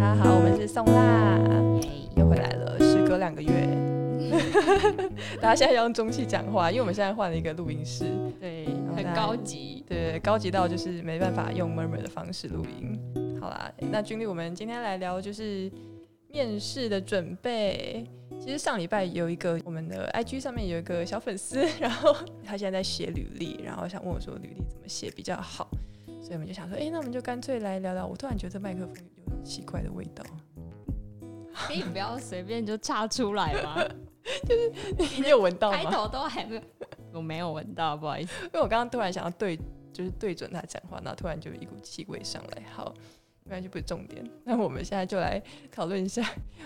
大家好，我們是宋娜，又回來了，時隔兩個月。 大家現在要用中氣講話，因為我們現在換了一個錄音室，對，很高級，對，高級到就是沒辦法用 murmur 的方式錄音。好啦，那君律，我們今天來聊就是面試的準備。其實上禮拜有一個我們的 IG 上面有一個小粉絲，然後他現在在寫履歷，然後想問我說履歷怎麼寫比較好，所以我們就想說，哎、欸，那我們就乾脆來聊聊。我突然覺得麥克風。奇怪的味道，欸、你不要隨便就插出來嗎？ 就是你，你有聞到嗎？開頭都還沒，我沒有聞到，不好意思。因為我剛剛突然想要對，就是對準他講話，然後突然就一股氣味上來。好，不然就不是重點。那我們現在就來討論一下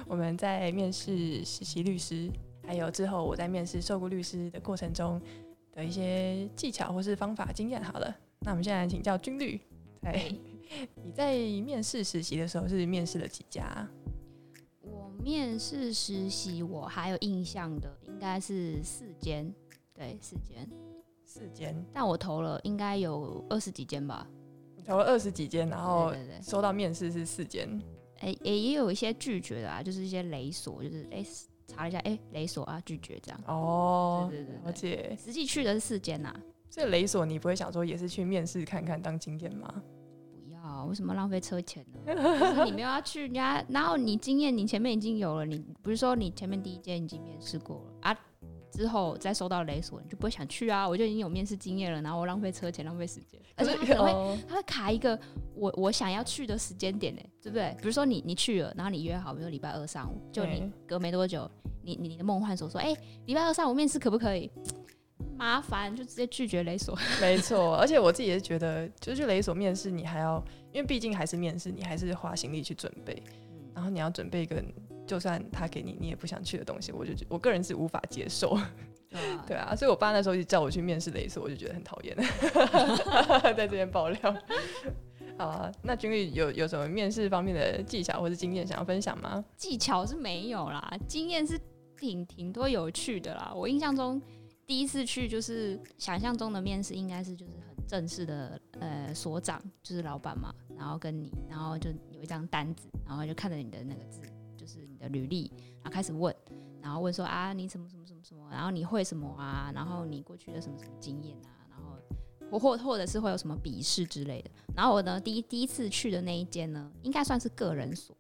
我們在面試實習律師，還有之後我在面試受雇律師的過程中的一些技巧或是方法經驗。好了，那我們現在請教軍律。對。你在面試實習的時候是面試了幾家？我面試實習，我還有印象的應該是四間，對，四間，四間。但我投了應該有二十幾間吧，投了二十幾間，然後收到面試是四間。哎哎、欸，也有一些拒絕的啊，就是一些雷索，就是哎查了一下哎、欸、雷索啊拒絕這樣。哦，對對對，而且實際去的是四間吶、啊。所以雷索你不會想說也是去面試看看當經驗嗎？啊，為什麼浪費車錢呢？ 你沒有要去人家，然後你經驗你前面已經有了，你不是說你前面第一間已經面試過了啊？之後再收到雷索，你就不會想去啊？我就已經有面試經驗了，然後我浪費車錢，浪費時間，而且他可能會他會卡一個我我想要去的時間點呢，對不對？比如說你你去了，然後你約好，比如說禮拜二上午，就你隔沒多久，嗯、你你的夢幻所說，哎、欸，禮拜二上午面試可不可以？麻煩就直接拒絕雷索，沒錯。而且我自己也是覺得，就是去雷索面試，你還要因為畢竟還是面試，你還是花心力去準備，然後你要準備一個就算他給你，你也不想去的東西。我就我個人是無法接受對啊。對啊。所以我爸那時候一直叫我去面試雷索，我就覺得很討厭， 在這邊爆料。 好啊，那君律有有什麼面試方面的技巧或是經驗想要分享嗎？技巧是沒有啦，經驗是挺挺多有趣的啦。我印象中。第一次去就是想象中的面試，應該是就是很正式的，呃，所長就是老板嘛，然後跟你，然後就有一張單子，然後就看着你的那個字，就是你的履歷，然後開始問，然後問說啊，你什麼什麼什麼什麼，然後你會什麼啊，然後你過去的什麼什麼經驗啊，然後或或或者是會有什麼筆試之類的。然後我呢，第一第一次去的那一間呢，應該算是個人所，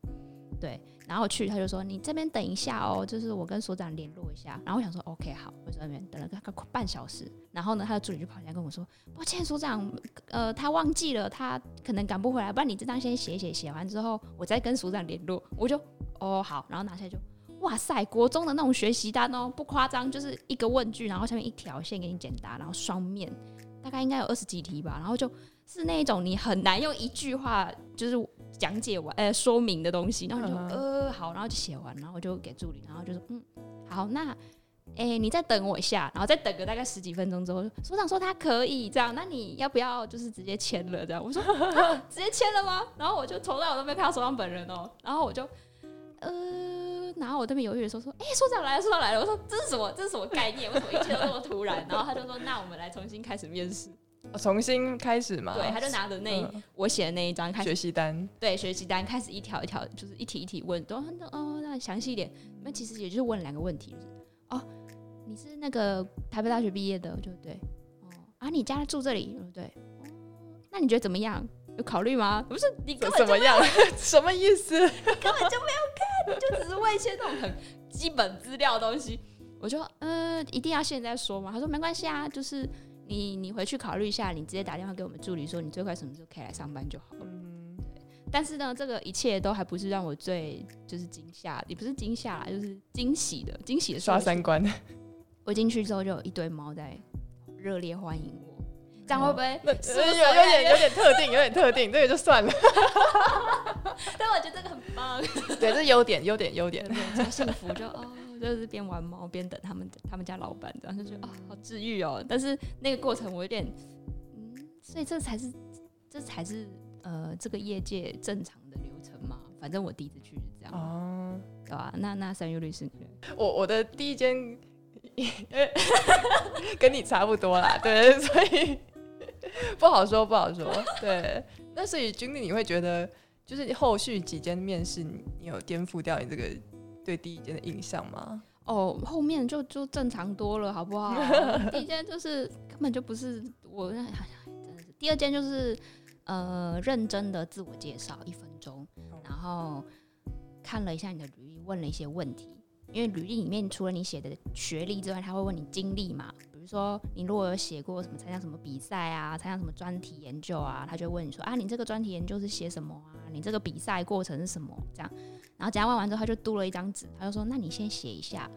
對。然後去，他就說：“你這邊等一下哦，就是我跟所長聯絡一下。”然後我想說：“OK，好。”我在那邊等了大概半小時，然後呢，他的助理就跑來跟我說：“抱歉，所長，呃，他忘記了，他可能趕不回來，不然你這張先寫一寫，寫完之後我再跟所長聯絡。”我就：“哦，好。”然後拿下來就：“哇塞，國中的那種學習單哦，不誇張，就是一個問句，然後下面一條線給你簡答，然後雙面，大概應該有二十幾題吧。然後就是那一種你很難用一句話就是。”講解完，呃，說明的東西，然後就、嗯啊、呃好，然後就寫完，然後我就給助理，然後就說嗯好，那哎、欸、你再等我一下，然後再等個大概十幾分鐘之後，所長說他可以這樣，那你要不要就是直接簽了這樣？我說、啊、直接簽了嗎？然後我就從來我都沒看到所長本人哦、喔，然後我就呃，然後我這邊猶豫的時候說，哎、欸、所長來了，所長來了，我說這是什麼？這是什麼概念？為什麼一切都那麼突然？ 然後他就說那我們來重新開始面試。哦，重新開始嘛？對，他就拿着那、嗯、我寫的那一張學習單，對，學習單開始一條一條，就是一題一題問，都那哦，那詳細一點。那其實也就是問兩個問題，就是哦，你是那個台北大學畢業的，就對、哦，啊，你家住這裡、嗯，對。那你覺得怎麼樣？有考慮嗎、嗯？不是你怎麼樣？什麼意思？根本就沒有看，你就，有看 你就只是問一些那種很基本資料的東西。 我就嗯、呃，一定要現在說嗎？他說沒關係啊，就是。你你回去考慮一下，你直接打電話給我們助理說，你最快什麼時候可以來上班就好了。嗯，對。但是呢，這個一切都還不是讓我最就是驚嚇，也不是驚嚇，就是驚喜的驚喜的刷三觀。我進去之後就有一堆貓在熱烈歡迎我，這、嗯、樣、嗯、會不會？呃、是有點有點, 有點特定，有點特定， 這也就算了。但我覺得這個很棒，對，這是優點優點優點，對，對，對，超幸福就 哦。就是邊玩貓邊等他們他們家老闆，然後就覺得啊、哦，好治癒哦、喔。但是那個過程我有點，嗯，所以這才是這才是呃這個業界正常的流程嘛。反正我第一次去是這樣哦、嗯，對啊。那那三月律師，我我的第一間，欸、 跟你差不多啦，對，所以 不好說不好說。對， 那所以究竟你會覺得，就是你後續幾間面試，你有顛覆掉你這個？對第一件的印象嗎？哦，後面就就正常多了，好不好？ 第一件就是根本就不是我， 第二件就是呃，認真的自我介紹一分鐘、嗯，然後看了一下你的履歷，問了一些問題，因為履歷裡面除了你寫的學歷之外，他會問你經歷嘛。比如說你如果有寫過什麼參加什麼比賽啊，參加什麼專題研究啊，他就問你說啊，你這個專題研究是寫什麼啊？你這個比賽過程是什麼？這樣，然後講完完之後，他就嘟了一張紙，他就說那你先寫一下，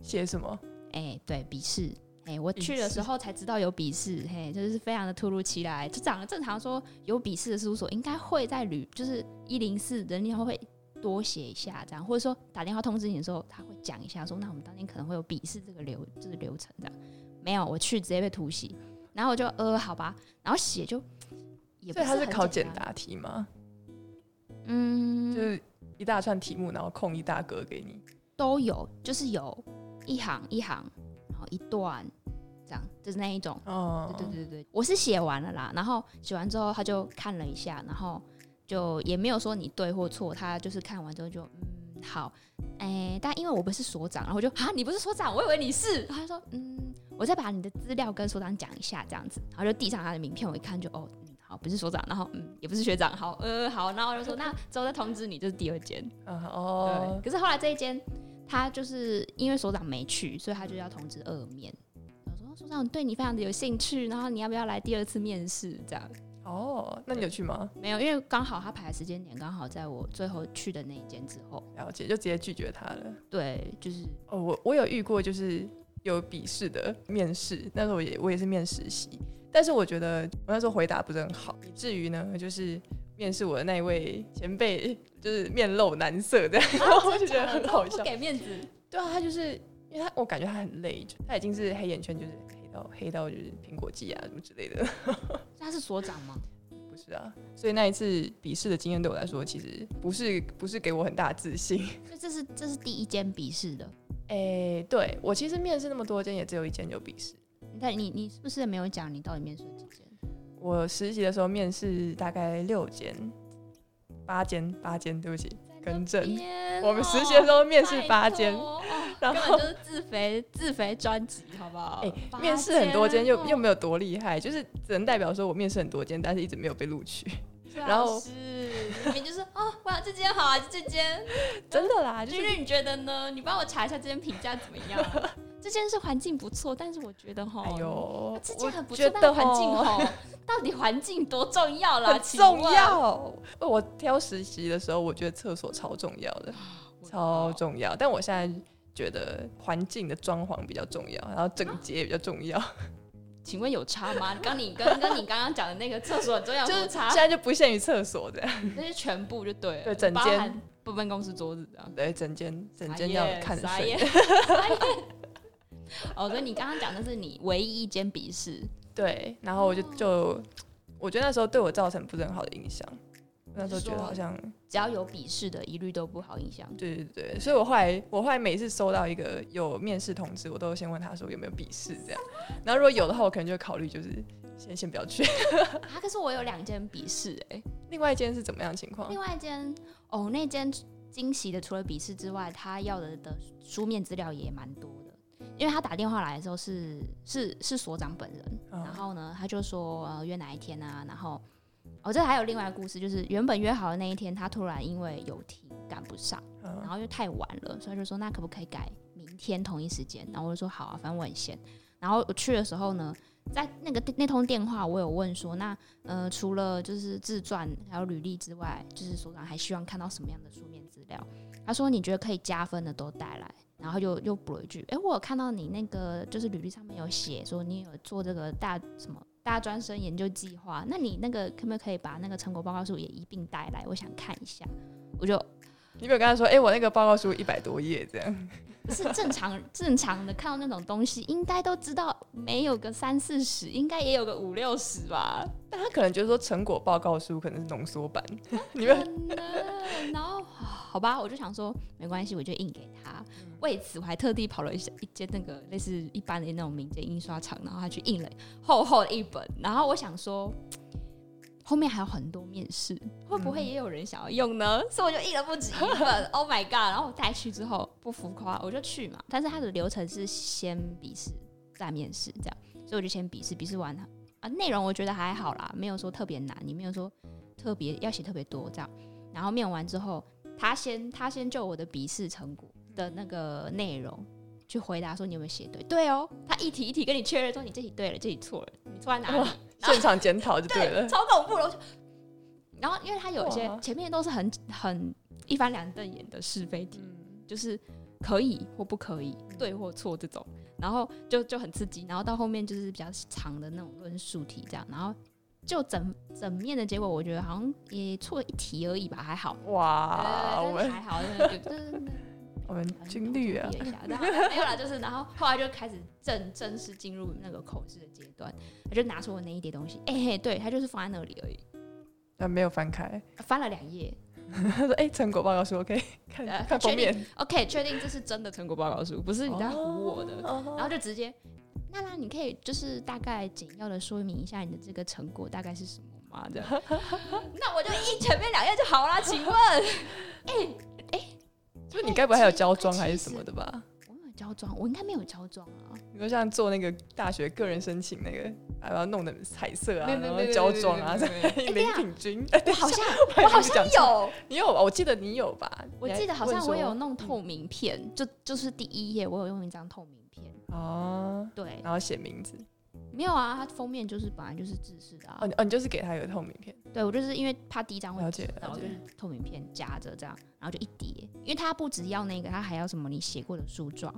寫什麼？哎、欸，對，筆試，哎、欸，我去的時候才知道有筆試，嘿、欸，就是非常的突如其來，就講正常說有筆試的事務所應該會在旅就是一零四人後會。多寫一下，這樣或者說打電話通知你的時候，他會講一下說，說那我們當天可能會有筆試這個流這個、就是、流程的。沒有，我去直接被突襲，然後我就呃好吧，然後寫就。也不，他是考簡答題嗎？嗯，就是一大串題目，然後空一大格給你。都有，就是有一行一行，然後一段這樣就是那一種。哦，對對對，對，對，我是寫完了啦，然後寫完之後他就看了一下，然後。就也沒有說你對或錯，他就是看完之後就嗯好，哎、欸，但因為我不是所長，然後就啊你不是所長，我以為你是，他說嗯，我再把你的資料跟所長講一下這樣子，然後就遞上他的名片，我一看就哦嗯好，不是所長，然後嗯也不是學長，好呃好，然後我就說、嗯、那之後再通知你，這、就是第二間，啊、嗯、哦對，可是後來這一間他就是因為所長沒去，所以他就要通知二面，然後說，所長對你非常的有興趣，然後你要不要來第二次面試這樣。哦、oh，那你有去嗎？沒有，因為剛好他排的時間點剛好在我最後去的那一間之後，了解，就直接拒絕他了。對，就是哦，oh, 我我有遇過就是有筆試的面試，那時候我也我也是面實習，但是我覺得我那時候回答不是很好，以至於呢就是面試我的那一位前輩就是面露難色的，這、啊、樣， 然後我就覺得很好笑，啊、的的不給面子。 對啊，他就是因為他我感覺他很累，他已經是黑眼圈就是。Okay. 黑到就是蘋果肌啊什麼之類的，他是所長嗎？ 不是啊，所以那一次筆試的經驗對我來說其實不是不是給我很大的自信。那這是這是第一間筆試的，哎、欸，對我其實面試那麼多間也只有一間有筆試。你看你你是不是也沒有講你到底面試了幾間？我實習的時候面試大概六間，八間八間，對不起。更正、啊，我們實習都面試八間，然後根本就是自肥自肥專輯，好不好？欸、面試很多間，又又沒有多厲害，就是只能代表說我面試很多間，但是一直沒有被錄取是。然後裡面就是 哦，哇，這間好啊，這間 真的啦。就是你覺得呢？你幫我查一下這間評價怎麼樣？ 這間是環境不錯，但是我覺得哈，哎呦，啊、這間很不錯，但環境好。 到底環境多重要啦？重要。我挑實習的時候，我覺得廁所超重要的，超重要。但我現在覺得環境的裝潢比較重要，然後整潔也比較重要。啊、 請問有差嗎？你剛你跟跟你剛剛講的那個廁所很重要，就是差。現在就不限於廁所的，那、就、些、是、全部就對對整間不分公室桌子這樣，對整間整間要看得順。 哦，所以你剛剛講的是你唯一一間筆試。對，然後我就、嗯、就，我覺得那時候對我造成不是很好的影響，那時候覺得好像只要有筆試的，一律都不好印象。對對對，所以我後來我後來每次收到一個有面試通知，我都先問他說有沒有筆試，這樣。然後如果有的話，我可能就會考慮就是先先不要去。 啊，可是我有兩間筆試哎，另外一間是怎麼樣的情況？另外一間哦，那間驚喜的，除了筆試之外，他要的的書面資料也蠻多的，因為他打電話來的時候是是是所長本人，然後呢，他就說、呃、約哪一天啊？然後我、哦、這還有另外一個故事，就是原本約好的那一天，他突然因為有庭趕不上，然後又太晚了，所以就說那可不可以改明天同一時間？然後我就說好啊，反正我很閒。然後我去的時候呢，在那個那通電話，我有問說那呃除了就是自傳還有履歷之外，就是所長還希望看到什麼樣的書面資料？他說你覺得可以加分的都帶來。然後就又補了一句，哎、欸，我有看到你那個就是履歷上面有寫說你有做這個大什麼大專生研究計劃，那你那個可不可以把那個成果報告書也一併帶來？我想看一下。我就，你沒有跟他說，哎、欸，我那個報告書一百多頁這樣。 是正常正常的看到那種東西，應該都知道沒有個三四十，應該也有個五六十吧。 但他可能覺得說成果報告書可能是濃縮版，你們。 然後好吧，我就想說沒關係，我就印給他。為此我還特地跑了一下一間那個類似一般的那種民間印刷廠，然後他去印了厚厚的一本。然後我想說。後面還有很多面試，會不會也有人想要用呢？嗯、所以我就印了不只一份 Oh my God！然後我帶去之後，不浮誇，我就去嘛。但是他的流程是先筆試再面試，這樣，所以我就先筆試。筆試完啊，內容我覺得還好啦，沒有說特別難，也沒有說特別要寫特別多這樣。然後面完之後，他先他先就我的筆試成果的那個內容去回答說你有沒有寫對？對哦，他一題一題跟你確認說你這題對了，這題錯了，你錯在哪了？現場檢討就對了， 對，超恐怖了。然後，因為他有一些前面都是很很一翻兩瞪眼的是非題、嗯，就是可以或不可以，對或錯這種，然後就就很刺激。然後到後面就是比較長的那種論述題，這樣。然後就整整面的結果，我覺得好像也錯了一題而已吧，還好。哇，對對對，我還好。 就就就就就我們經歷啊，然後沒有了， 就是然後後來就開始正正式進入那個口試的階段，他就拿出我那一疊東西，哎、欸，對他就是放在那裡而已，啊沒有翻開，啊、翻了兩頁，他說哎成果報告書 OK，看看封面，OK，確定這是真的成果報告書，不是你在唬我的、哦，然後就直接，那那你可以就是大概簡要的說明一下你的這個成果大概是什麼嗎？這樣， 那我就一前面兩頁就好啦，請問， 欸就你該不會還有膠裝還是什麼的吧？欸、我，我沒有膠裝，我應該沒有膠裝啊。你說像做那個大學個人申請那個，還要弄的彩色、啊，對對對對對對然後膠裝啊，什麼的 林品君，哎、欸，這、欸、樣，哎，好像、欸、我，我好像有，你有吧？我記得你有吧？我記得好像我有弄透明片，嗯、就就是第一頁，我有用一張透明片哦、嗯，對，然後寫名字。沒有啊，它封面就是本來就是紙質的啊。啊、哦。你就是給它一個透明片。對，我就是因為怕第一張了，了解，然後就透明片夾着這樣，然後就一疊、欸。因為他不只要那個，他還要什麼你寫過的書狀，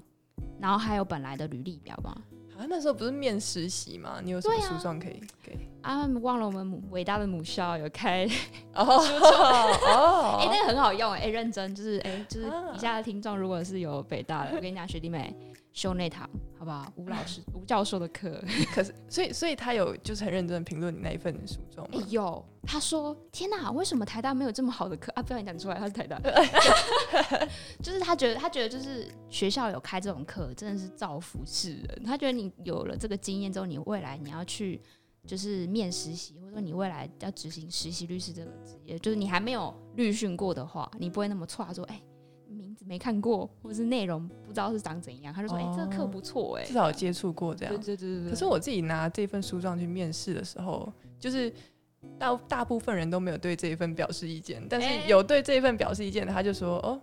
然後還有本來的履歷表嘛。像、啊、那時候不是面實習嘛？你有什麼書狀可以？對啊，啊忘了我們偉大的母校有開哦、oh, 哦、 oh, oh, oh. 欸。哎，那個很好用哎、欸欸，認真就是哎、欸，就是以下的聽眾如果是有北大的，oh. 我跟你講學弟妹。 修那堂好不好？吳老師、吳 教授的課， 可是所以所以他有就是很認真的評論你那一份書狀嗎？嗎、欸。有，他說：“天哪、啊，為什麼台大沒有這麼好的課啊？”不要你講出來，他是台大， 就是他覺得他覺得就是學校有開這種課，真的是造福世人。他覺得你有了這個經驗之後，你未來你要去就是面實習，或者說你未來要執行實習律師這個職業，就是你還沒有律訓過的話，你不會那麼錯。他說：“哎、欸。”沒看過，或者是內容不知道是長怎樣，他就說：“哎、oh, 欸，這個課不錯哎。”至少有接觸過這樣。對對對，對，對，可是我自己拿這份書狀去面試的時候，就是大大部分人都沒有對這一份表示意見，但是有對這一份表示意見他就說：“哦，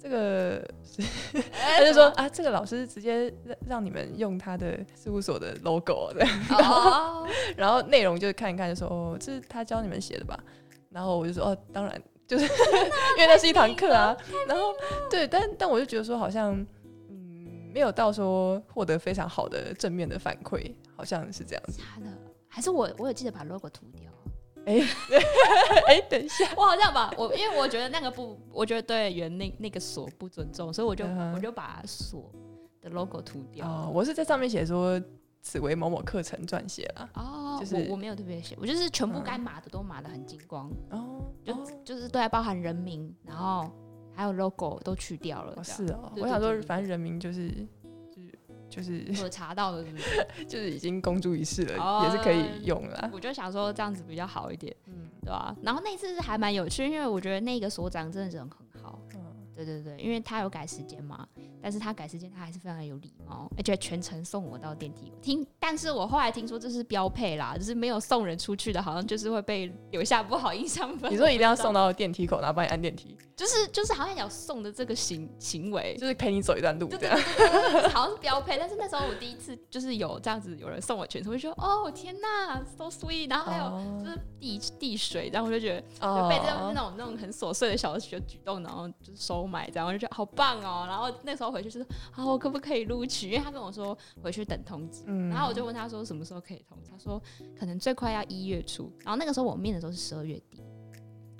這個， 他就說啊，這個老師直接讓讓你們用他的事務所的 logo 這樣，、oh. 然後然後內容就看一看，就說哦，這是他教你們寫的吧？然後我就說哦，當然。”就 是因為那是一堂課啊，然後對，但但我就覺得說好像嗯沒有到說獲得非常好的正面的反饋，好像是這樣子。的還是我我有記得把 logo 塗掉？哎、欸、哎、 欸，等一下， 我好像把我因為我覺得那個不，我覺得對原那那個鎖不尊重，所以我就、呃、我就把鎖的 logo 塗掉。哦、呃，我是在上面寫說。此為某某課程撰寫了、啊、哦，就是我，我沒有特別寫，我就是全部該碼的都碼的很精光、嗯、哦，就哦就是都還包含人名，然後還有 logo 都去掉了、哦，是哦對對對對對，我想說反正人名就是就是對對對就是我查到了是不是， 就是已經公諸於世了、嗯，也是可以用了。我就想說這樣子比較好一點，嗯，嗯對吧、啊？然後那次是還蠻有趣，因為我覺得那個所長真的是很可。對對對，因為他有改時間嘛，但是他改時間，他還是非常的有禮貌，而且全程送我到電梯。聽，但是我後來聽說這是標配啦，就是沒有送人出去的，好像就是會被留下不好印象分。你說一定要送到電梯口，然後幫你按電梯，就是就是好像有送的這個行行為，就是陪你走一段路這樣對對對對。好像是標配。 但是那時候我第一次就是有這樣子有人送我全程，我就說哦天哪，so sweet，然後還有就是遞遞水，然後我就覺得、哦、就被這種那種那種很瑣碎的小舉舉動，然後就收。買，這樣我就覺得好棒哦，喔，然後那時候回去就是啊，我可不可以錄取？因為他跟我說回去等通知，嗯，然後我就問他說什麼時候可以通知，他說可能最快要一月初，然後那個時候我面的時候是十二月底。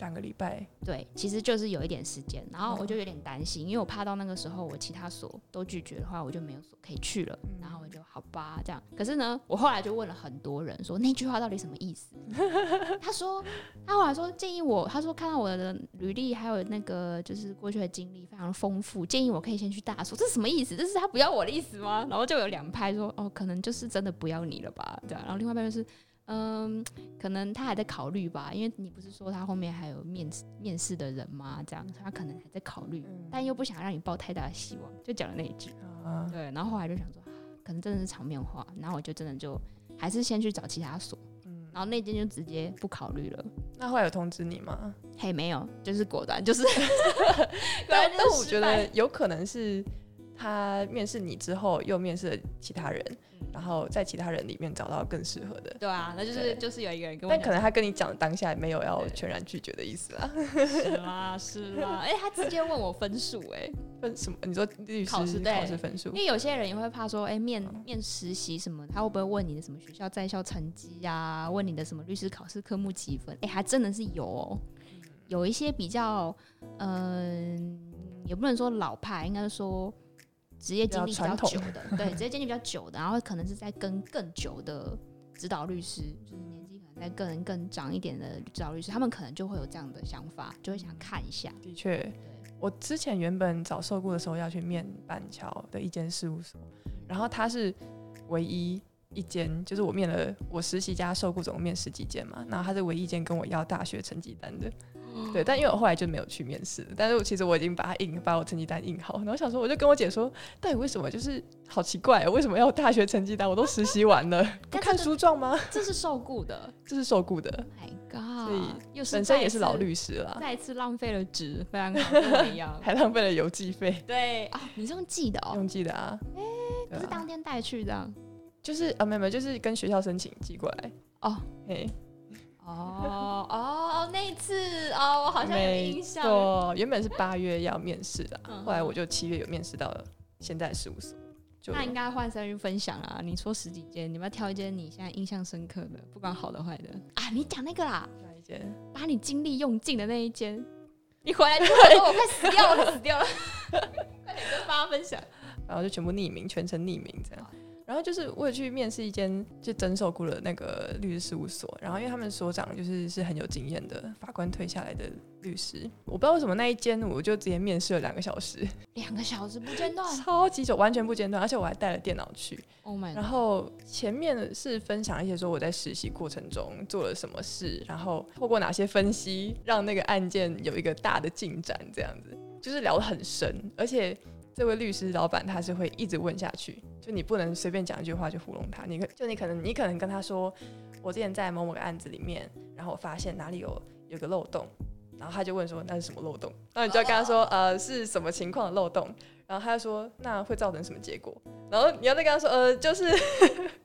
半個禮拜，對，其實就是有一點時間，然後我就有點擔心，okay. 因為我怕到那個時候我其他所都拒絕的話，我就沒有所可以去了、嗯，然後我就好吧這樣。可是呢，我後來就問了很多人說，說那句話到底什麼意思？ 他說，他後來說建議我，他說看到我的履歷還有那個就是過去的經歷非常豐富，建議我可以先去大所，這是什麼意思？這是他不要我的意思嗎？然後就有兩派說，哦，可能就是真的不要你了吧，對。然後另外一派就是。嗯，可能他還在考慮吧，因為你不是說他後面還有面面試的人嗎？這樣他可能還在考慮、嗯，但又不想讓你抱太大的希望，就講了那一句、啊。對，然後後來就想說，可能真的是場面話，然後我就真的就還是先去找其他所，嗯、然後那間就直接不考慮了。那後來有通知你嗎？嘿、hey,，沒有，就是果然，就是， 就是。那那我覺得有可能是。他面試你之後又面試了其他人、嗯，然後在其他人裡面找到更適合的。對啊，那就是就是有一個人跟，我。但可能他跟你講的當下沒有要全然拒絕的意思啊。 是啊，是啊。哎、欸，他直接問我分數，哎，分什麼？你說律師考試分數？因為有些人也會怕說，哎、欸，面面實習什麼，他會不會問你的什麼學校在校成績啊？問你的什麼律師考試科目幾分？哎、欸，還真的是有、哦，有一些比較，嗯，也不能說老派，應該是說。職業經歷比較久的， 對，職業經歷比較久的，然後可能是在跟更久的指導律師，就是年紀可能在更更長一點的指導律師，他們可能就會有這樣的想法，就會想看一下。的確，我之前原本找受僱的時候要去面板橋的一間事務所，然後他是唯一一間，就是我面了我實習加受僱總共面十幾間嘛，然後他是唯一一間跟我要大學成績單的。嗯、對，但因為我後來就沒有去面試，但是我其實我已經把它印，把我成績單印好。然後我想說，我就跟我姐說，到底為什麼就是好奇怪，為什麼要大學成績單？我都實習完了，這個、 不看書狀嗎？這是受雇的，這是受雇的。Oh、my God，所以本身也是老律師了，再一次浪費了紙，非常不一樣， 還浪費了郵寄費、哦哦啊欸。對啊，你是用寄的哦，用寄的啊。哎，不是當天帶去的、啊，就是、就是、啊，沒有沒，就是跟學校申請寄過來。哦 o、欸哦 哦，那一次哦，我好像有印象。原本是八月要面試的， 後來我就七月有面試到了，現在事務所。那應該換生日分享啊！你說十幾間，你要，要挑一間你現在印象深刻的，不管好的壞的啊！你講那個啦，那一間把你精力用盡的那一間， 你回來之後，說，我快死掉了， 我死掉了！ 快點跟爸爸分享， 然後就全部匿名，全程匿名這樣。然後就是我也去面試一間就徵收過的那個律師事務所，然後因為他們所長就是是很有經驗的法官退下來的律師，我不知道為什麼那一間我就直接面試了兩個小時，兩個小時不間斷，超級久，完全不間斷，而且我還帶了電腦去。Oh my！然後前面是分享一些說我在實習過程中做了什麼事，然後透過哪些分析讓那個案件有一個大的進展，這樣子就是聊得很深，而且。這位律師老闆他是會一直問下去，就你不能隨便講一句話就糊弄他。你可就你可能你可能跟他說，我之前在某某個案子裡面，然後我發現哪裡有有個漏洞，然後他就問說那是什麼漏洞，然後你就要跟他說、Oh. 呃是什麼情況的漏洞，然後他就說那會造成什麼結果，然後你要再跟他說呃就是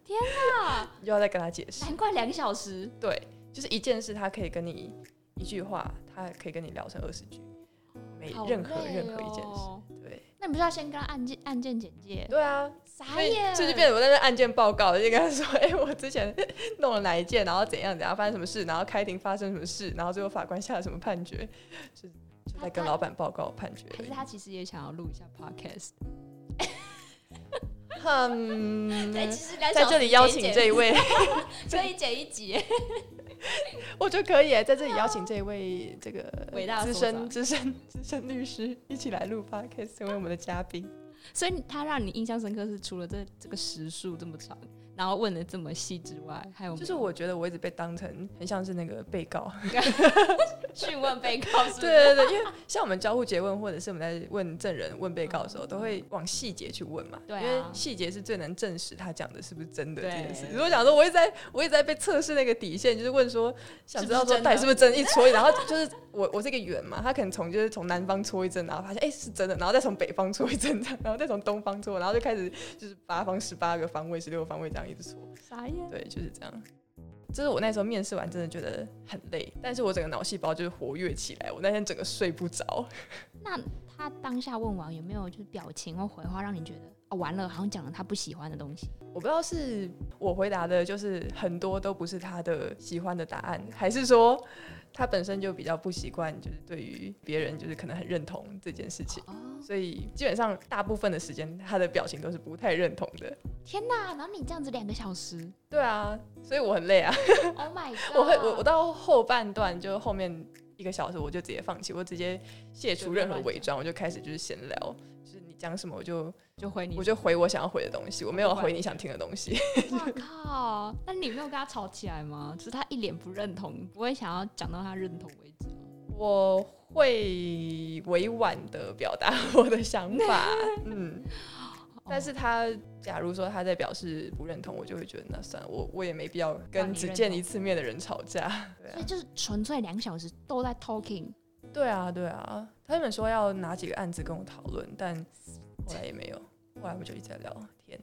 天哪、啊， 你就要再跟他解釋。難怪兩小時，對，就是一件事他可以跟你一句話，他可以跟你聊成二十句。欸，任何任何一件事，喔，對，那你不是要先跟他案件案件簡介？對啊，傻眼，所以這就變得我在那案件報告，就跟他說，哎、欸，我之前弄了哪一件，然後怎樣怎樣發生什麼事，然後開庭發生什麼事，然後最後法官下了什麼判決，是就，就在跟老板報告判決。可是他其實也想要錄一下 podcast、 um,。嗯，在這裡邀請這一位， 所以節解一集。 我覺得可以在這裡邀請這位這個資深資深資深律師一起來錄吧，可以成為我們的嘉賓。 所以他讓你印象深刻是除了這這個時數這麼長。然後問的這麼細之外，還有，有就是我覺得我一直被當成很像是那個被告，訊 問被告是是。對對對，因為像我們交互詰問，或者是我們在問證人、問被告的時候，嗯嗯嗯都會往細節去問嘛。對、啊，因為細節是最能證實他講的是不是真的這件事。如果講說我也在，我也在被測試那個底線，就是問說，想知道說到底是不是真一戳，然後就是我我這個圓嘛，他可能從就是從南方戳一陣，然後發現哎、欸、是真的，然後再從北方戳一陣，然後再從東方戳，然後就開始就是八方十八個方位，十六個方位這樣。一直說啥呀？對，就是這樣。就是我那時候面試完，真的覺得很累，但是我整個腦細胞就是活躍起來，我那天整個睡不着。那他當下問完有沒有就是表情或回話，讓你覺得啊、哦，完了，好像講了他不喜歡的東西？我不知道是我回答的，就是很多都不是他的喜歡的答案，還是說？他本身就比較不習慣，就是對於別人就是可能很認同這件事情，所以基本上大部分的時間他的表情都是不太認同的。天哪！然後你這樣子兩個小時？對啊，所以我很累啊。我會我我到後半段，就是後面一個小時，我就直接放棄，我直接卸除任何偽裝，我就開始就是閒聊，就是你講什麼我就。就回你，我就回我想要回的東西，哦、我沒有回你想聽的東西。我靠，那你沒有跟他吵起來嗎？只 是他一臉不認同，不會想要講到他認同為止嗎？我會委婉的表達我的想法， 嗯、哦，但是他假如說他在表示不認同，我就會覺得那算我，我也沒必要跟只見一次面的人吵架。啊對啊、所以就是純粹兩小時都在 talking。對啊，對啊，他們說要拿幾個案子跟我討論，但。後來也沒有，後來我們就一直在聊天。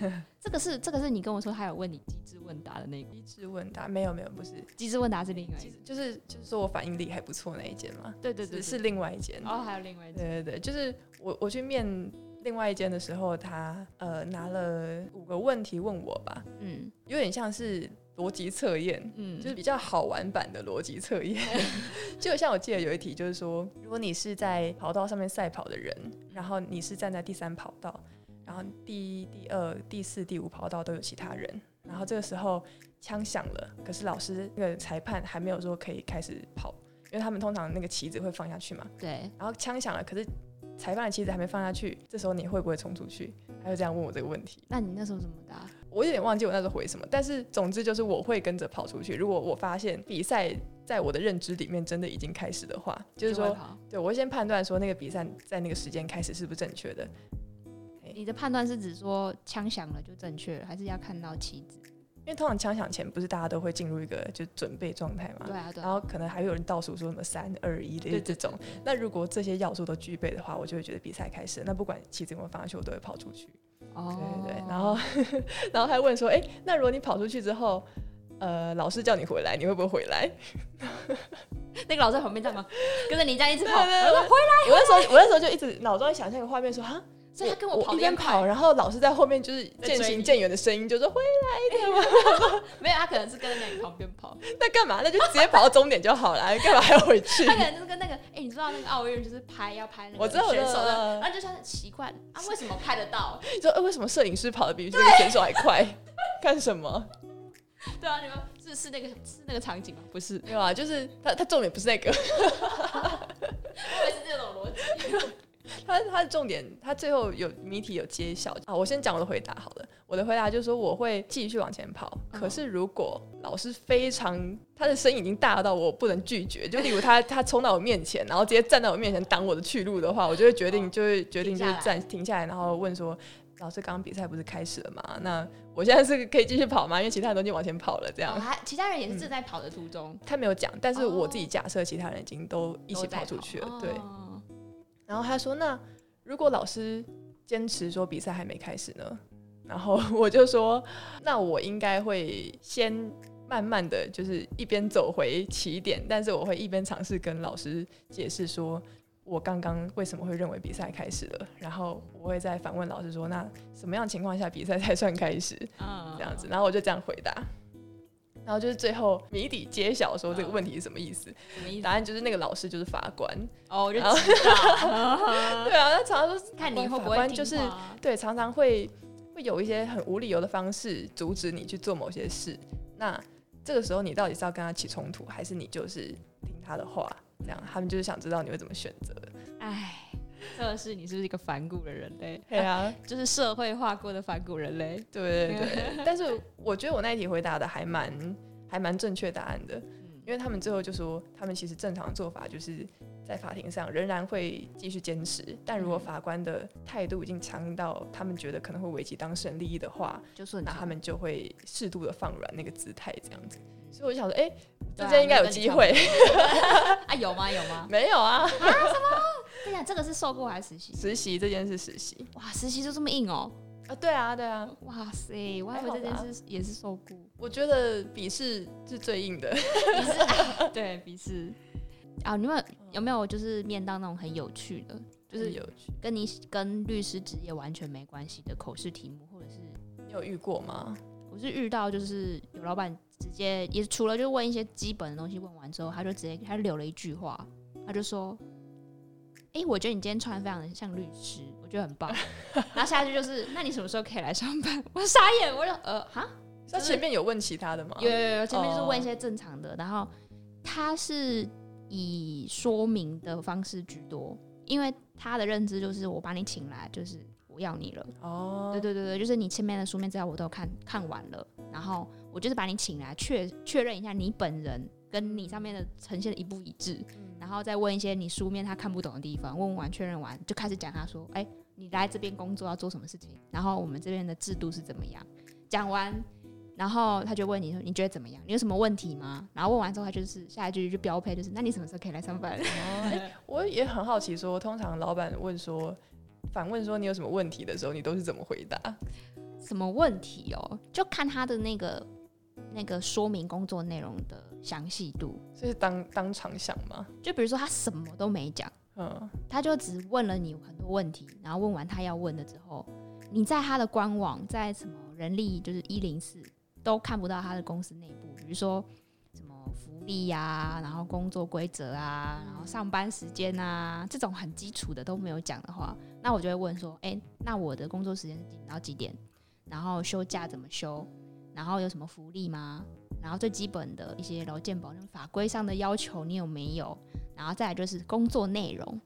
這個是這個是你跟我說他有問你機智問答的那個？機智問答沒有沒有，不是機智問答，是另外一間、欸，就是、就是、就是說我反應力還不錯那一間嘛。對對對，是另外一間。然、哦、後還有另外一間，對對對，就是我我去面另外一間的時候，他呃拿了五個問題問我吧，嗯，有點像是。邏輯測驗，嗯，就是比較好玩版的邏輯測驗。 就像我記得有一題，就是說， 如果你是在跑道上面賽跑的人，然後你是站在第三跑道，然後第一、第二、第四、第五跑道都有其他人，然後這個時候槍響了，可是老師那個裁判還沒有說可以開始跑，因為他們通常那個旗子會放下去嘛。對。然後槍響了，可是裁判的旗子還沒放下去，這時候你會不會衝出去？他就這樣問我這個問題。那你那時候怎麼答？我有點忘記我那時候回什麼，但是總之就是我會跟着跑出去。如果我發現比賽在我的認知裡面真的已經開始的話，就、就是說，對，我先判斷說那個比賽在那個時間開始是不是正確的。你的判斷是指說槍響了就正確，還是要看到棋子？因為通常槍響前不是大家都會進入一個就準備狀態嗎？對、啊？對啊，然後可能還有人倒數說什麼三二一的這種。對對對對。那如果這些要素都具備的話，我就會覺得比賽開始。那不管棋子有沒有放下去，我都會跑出去。對對對，哦、然後然後還問說，哎，那如果你跑出去之後，呃，老師叫你回來，你會不會回來？那個老師在旁邊站嗎？ 跟着你這樣一直跑，對對對，我回來，回來。我那時候我那時候就一直腦中想象一個畫面說，說哈。所以他跟我跑，一跑，我一邊跑，然後老師在後面就是漸行漸遠的聲音，就說回來的嗎？欸、 沒有，他可能是跟在你旁邊跑，邊跑。那幹嘛？那就直接跑到終點就好了，幹 嘛還要回去？他可能就是跟那個，哎、欸，你知道那個奧運就是拍要拍那個選手我的，然後就算得很奇怪啊，為什麼拍得到？你說，哎、欸，為什麼攝影師跑的比那個選手還快？幹 什麼？對啊，你說這是，是那個是那個場景嗎？不是，沒有啊，就是他他重點不是那個，哈哈還是這種邏輯。 他他的重點，他最後有謎題有揭曉啊！我先講我的回答好了。我的回答就是說，我會繼續往前跑。哦。可是如果老師非常他的聲音已經大到我不能拒絕，哦、就例如他他衝到我面前，然後直接站在我面前擋我的去路的話，我就會決定，哦、就會決定就是站停下，停下來，然後問說：“老師，剛剛比賽不是開始了嗎，嗯？那我現在是可以繼續跑嗎？因為其他人都已經往前跑了，這樣。哦”還其他人也是正在跑的途中。嗯、他沒有講，但是我自己假設其他人已經都一起跑出去了，哦、對。然後他說：“那如果老師堅持說比賽還沒開始呢？”然後我就說：“那我應該會先慢慢的就是一邊走回起點，但是我會一邊嘗試跟老師解釋說我剛剛為什麼會認為比賽開始了，然後我會再反問老師說：‘那什麼樣的情況下比賽才算開始？’嗯，這樣子，然後我就這樣回答。”然後就是最後謎底揭曉的時候，這個問題是什麼，什麼意思？答案就是那個老師就是法官哦，我、oh, 就知道。 對啊，他 常常說看你法官就是對，常常會會有一些很無理由的方式阻止你去做某些事。那這個時候你到底是要跟他起衝突，還是你就是聽他的話？這樣他們就是想知道你會怎麼選擇。唉。測試，你是不是一個反骨的人類？對啊，啊，就是社會化過的反骨人類。對對對， 對，但是我覺得我那一題回答的還蠻還蠻正確答案的。嗯，因為他們最後就說，他們其實正常做法就是在法庭上仍然會繼續堅持，但如果法官的態度已經強硬到他們覺得可能會危及當事人利益的話，那他們就會適度的放軟那個姿態，這樣子。就我就想說，哎、欸，這間、啊、應該有機會。 啊，有嗎？有嗎？沒有啊。啊？什麼？跟你講，這個是受雇還是實習？實習這件事，實習。哇，實習就這麼硬哦、喔。啊，對啊，對啊。哇塞，我還以為這件事也是受雇。我覺得筆試是最硬的。筆試啊？對，筆試。啊，你們有，有，有沒有就是面到那種很有趣的，就是有趣，就是，跟你跟律師職業完全沒關係的口試題目，或者是你有遇過嗎？是遇到就是有老闆直接也除了就問一些基本的東西，問完之後他就直接他留了一句話，他就說：“哎、欸，我覺得你今天穿的非常的像律師，我覺得很棒。 ”然後下一句就是：“那你什麼時候可以來上班？”我傻眼，我說：“呃，哈。”那前面有問其他的嗎？就是、有有有，前面就是問一些正常的。Oh. 然後他是以說明的方式居多，因為他的認知就是我把你請來就是。要你了哦，對、oh. 對對對，就是你前面的書面資料我都看看完了，然後我就是把你請來確確認一下你本人跟你上面的呈現的一不一致，嗯，然後再問一些你書面他看不懂的地方，問完確認完就開始講他說，哎、欸，你來這邊工作要做什麼事情，然後我們這邊的制度是怎麼樣，講完，然後他就問你說你覺得怎麼樣，你有什麼問題嗎？然後問完之後他就是下一句就標配就是，那你什麼時候可以來上班？Oh、 我也很好奇說，通常老闆問說。反問說你有什麼問題的時候，你都是怎麼回答？什麼問題哦、喔？就看他的那個那個說明工作內容的詳細度，這是當當場想嗎？就比如說他什麼都沒講，嗯，他就只問了你很多問題，然後問完他要問的之後，你在他的官網，在什麼人力就是一零四都看不到他的公司內部，比如說。地、啊、呀，然後工作規則啊，然後上班時間啊，這種很基礎的都沒有講的話，那我就會問說，誒、欸，那我的工作時間是幾？然後幾點？然後休假怎麼休？然後有什麼福利嗎？然後最基本的一些勞健保，那法規上的要求你有沒有？然後再來就是工作內容，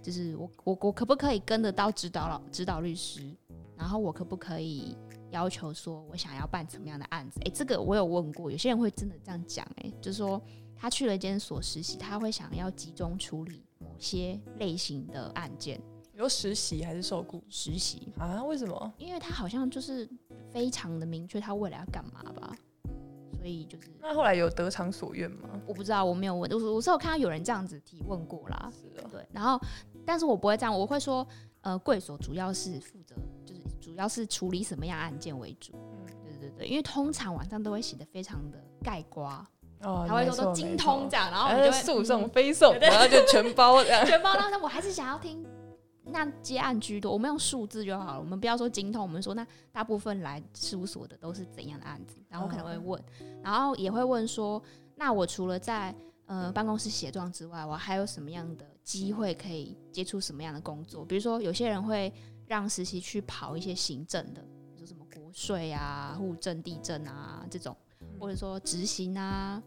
就是我我我可不可以跟得到指導老指導律師？然後我可不可以？要求說，我想要辦什麼樣的案子？哎、欸，這個我有問過，有些人會真的這樣講，哎，就是說他去了一間所實習，他會想要集中處理某些類型的案件。有實習還是受雇？實習啊？為什麼？因為他好像就是非常的明確他未來要幹嘛吧，所以就是那後來有得償所願嗎？我不知道，我沒有問，就是我是有看到有人這樣子提問過啦，是的、啊，對。然後，但是我不會這樣，我會說，呃，貴所主要是負責。主要是處理什麼樣案件為主，嗯？對對對，因為通常晚上都會寫的非常的概括哦。他會說說精通這樣，然後我們就訴訟、非訟、嗯，然後就全包了 全包，當時我還是想要聽那接案居多。我們用數字就好了，嗯，我們不要說精通，我們說那大部分來事務所的都是怎樣的案子？嗯，然後可能會問，嗯，然後也會問說，那我除了在呃辦公室寫狀之外，我還有什麼樣的機會可以接觸什麼樣的工作，嗯？比如說有些人會。讓實習去跑一些行政的，比如說什麼國稅啊、戶政、地政啊這種，或者說執行啊、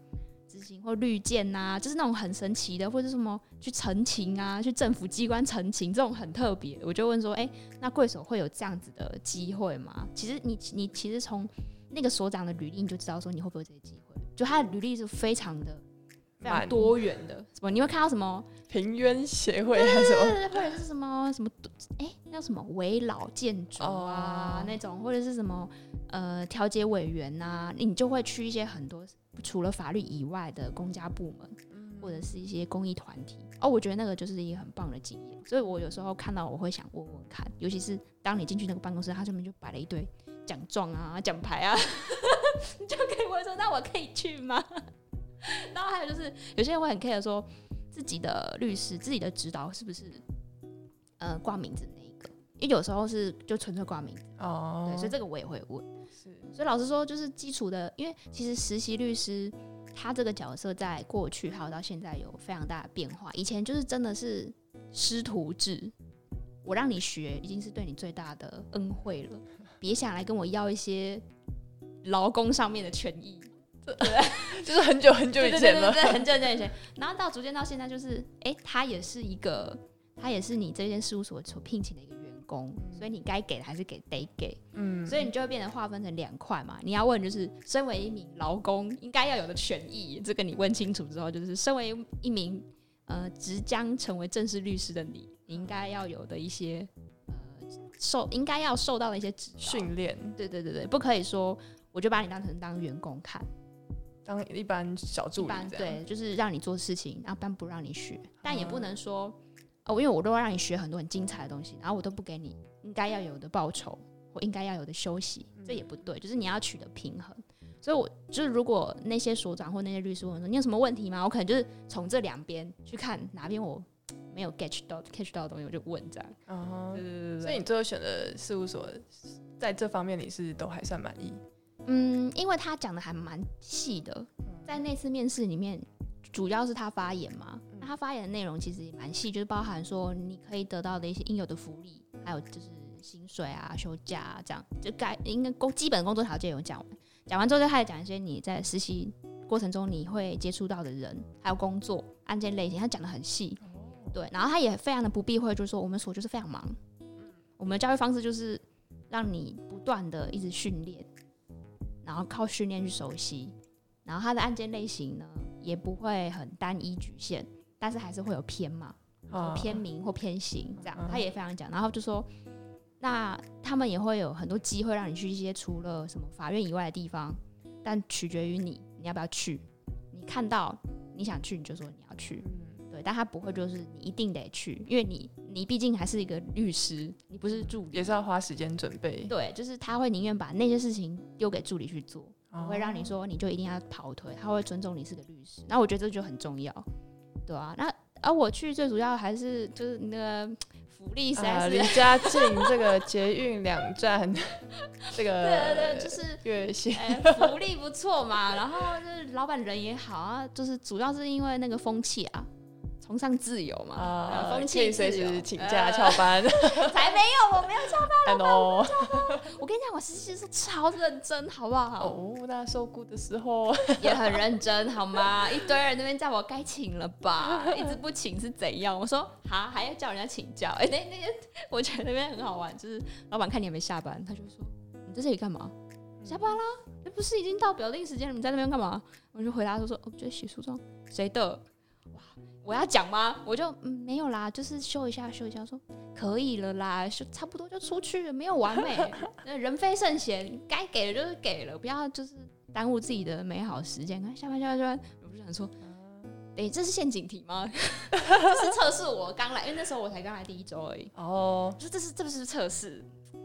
執行或綠建啊，就是那種很神奇的，或者什麼去陳情啊、去政府機關陳情這種很特別。我就問說，欸，那貴所會有這樣子的機會嗎？其實你你，其實從那個所長的履歷，你就知道說你會不會有這些機會，就他的履歷是非常的。蠻多元的，什麼你會看到什麼平冤協會啊，什麼或者是什麼 什麼，哎、欸，那什麼危老建築啊，哦、啊那種，或者是什麼呃調解委員吶、啊，你就會去一些很多除了法律以外的公家部門，嗯、或者是一些公益團體哦，我覺得那個就是一個很棒的經驗，所以我有時候看到我會想問問看，尤其是當你進去那個辦公室，他上面就擺了一堆獎狀啊獎牌啊， 你就可以問說，那我可以去嗎？然後還有就是，有些人會很 care 說自己的律師、自己的指導是不是呃掛名字的那一個，因為有時候是就純粹掛名哦，Oh. 對，所以這個我也會問。是，所以老實說，就是基礎的，因為其實實習律師他這個角色在過去還有到現在有非常大的變化。以前就是真的是師徒制，我讓你學已經是對你最大的恩惠了， 別想來跟我要一些勞工上面的權益。對， 就是很久很久以前了，對對對對，很久很久以前。然後到逐漸到現在，就是哎、欸，他也是一個，他也是你這間事務所所聘請的一個員工，嗯、所以你該給的還是給，得給。嗯，所以你就會變成劃分成兩塊嘛。你要問，就是身為一名勞工應該要有的權益，這個你問清楚之後，就是身為一名呃即將成為正式律師的你，你應該要有的一些呃受應該要受到的一些訓練。對對對對，不可以說我就把你當成當員工看。一般小助理，對，就是讓你做事情，然後般不讓你學、嗯，但也不能說，哦，因為我都會讓你學很多很精彩的東西，然後我都不給你應該要有的報酬、嗯、或應該要有的休息，這也不對，就是你要取得平衡。所以，我就是如果那些所長或那些律師問說你有什麼問題嗎？我可能就是從這兩邊去看哪邊我沒有 catch 到 catch 到的東西，我就問這樣。嗯、對對對對所以你最後選的事務所在這方面你是都還算滿意。嗯，因為他講的還蠻細的，在那次面試裡面，主要是他發言嘛。那他發言的內容其實也蠻細，就是包含說你可以得到的一些應有的福利，還有就是薪水啊、休假啊這樣，就該應該工基本工作條件有講完，講完之後就開始講一些你在實習過程中你會接觸到的人，還有工作案件類型，他講的很細，對。然後他也非常的不避諱，就是說我們所就是非常忙，我們的教育方式就是讓你不斷的一直訓練。然後靠訓練去熟悉，然後他的案件類型呢也不會很單一局限，但是還是會有偏嘛，偏民或偏刑這樣，他也非常講。然後就說，那他們也會有很多機會讓你去一些除了什麼法院以外的地方，但取決於你，你要不要去，你看到你想去你就說你要去。嗯但他不會，就是你一定得去，因為你你畢竟還是一個律師，你不是助理，也是要花時間準備。對，就是他會寧願把那些事情丟給助理去做，不、哦、會讓你說你就一定要跑腿。他會尊重你是個律師，那、嗯、我覺得這就很重要，對啊。那而、啊、我去最主要還是就是那個福利、呃，離家近，這個捷運兩站 這個對對對，就是月薪、 哎，福利不錯嘛。然後就是老闆人也好啊，就是主要是因為那個風氣啊。崇尚自由嘛，呃，風氣隨時請假翹、呃、班，才沒有，我沒有翹班了， 我，班了 我跟你講，我實習是超認真，好不好？哦，那受雇的時候 也很認真，好嗎？一堆人在那邊叫我該請了吧，一直不請是怎樣？我說哈，還要叫人家請假？哎，欸，那那邊我覺得那邊很好玩，就是老闆看你還沒下班，他就說你在這裡幹嘛？下班了？那，欸、不是已經到表定時間了？你在那邊幹嘛？我就回答他說：，哦，我在寫訴狀。誰的？哇！我要講嗎？我就、嗯、沒有啦，就是修一下，修一下，說可以了啦，就差不多就出去了，沒有完美、欸。 人非聖賢，該給的就是給了，不要就是耽誤自己的美好的時間。看下班，下班，下班，我就想說。哎、欸，這是陷阱題嗎？ 這是測試我剛來，因為那時候我才剛來第一周而已。哦、oh.，就這是這是不是測試？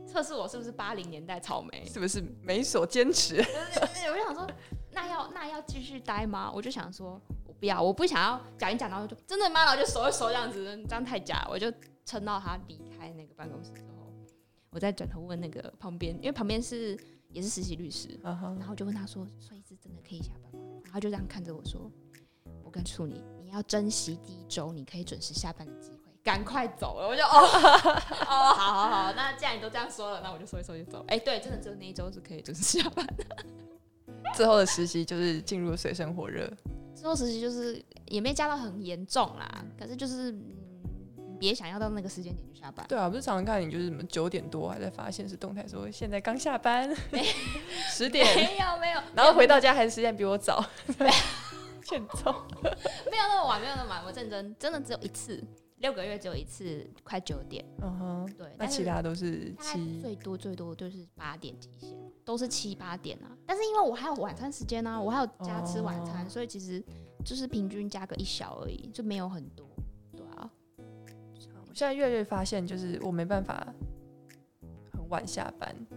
測試我是不是八零年代草莓？是不是沒所堅持？ 我就想說，那要那要繼續待嗎？我就想說。不要，我不想要講一講，然後就真的嗎？然後就收一收這樣子，這樣太假。我就撐到他離開那個辦公室之後我再轉頭問那個旁邊，因為旁邊是也是實習律師，好好然後就問他說：“所以是真的可以下班嗎？”然後他就這樣看着我說：“我跟處理，你要珍惜第一周，你可以準時下班的機會，趕快走了。”我就哦哦， 好好好，那既然你都這樣說了，那我就收一收就走。哎、欸，對，真的就那一周是可以準時下班的。 最後的實習就是進入水深火熱。說實期就是也沒加到很嚴重啦，可是就是、嗯、別想要到那個時間點就下班。對啊，我不是常常看你就是什麼九點多還、啊、在發限時動態說現在剛下班，十 點。沒有沒有，然後回到家還是時間比我早，欠揍。沒有， 沒，有 沒有那麼晚，沒有那麼晚，我認真真的只有一次。 六個月只有一次，快九點，嗯哼，對，那其他都是七，是最多最多就是八點極限，都是七八點啊、嗯。但是因為我還有晚餐時間呢、啊嗯，我還有加吃晚餐、嗯，所以其實就是平均加個一小時而已，就沒有很多，對啊。我現在越來越發現，就是我沒辦法很晚下班。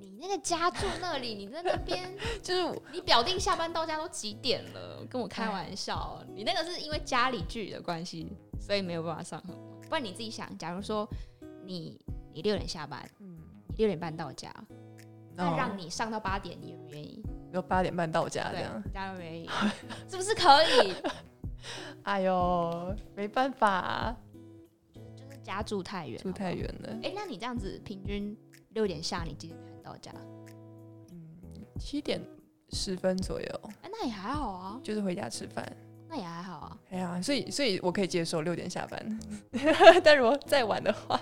你那個家住那裡， 你在那邊就是你表弟下班到家都幾點了？ 跟我開玩笑、啊， 你那個是因為家裡距離的關係。所以沒有辦法上，不然你自己想，假如說你你六點下班，嗯，你六點半到家，那、嗯、讓你上到八點，你願不願意？要八點半到家這樣，家又願意， 是不是可以？ 哎呦，沒辦法、啊就，就是家住太遠，住太遠了。哎、欸，那你這樣子平均六點下，你幾點才能到家？嗯，七點十分左右。哎、欸，那也還好啊，就是回家吃飯。那、哎、也還好啊。哎呀、啊，所以，所以我可以接受六點下班， 但如果再晚的話，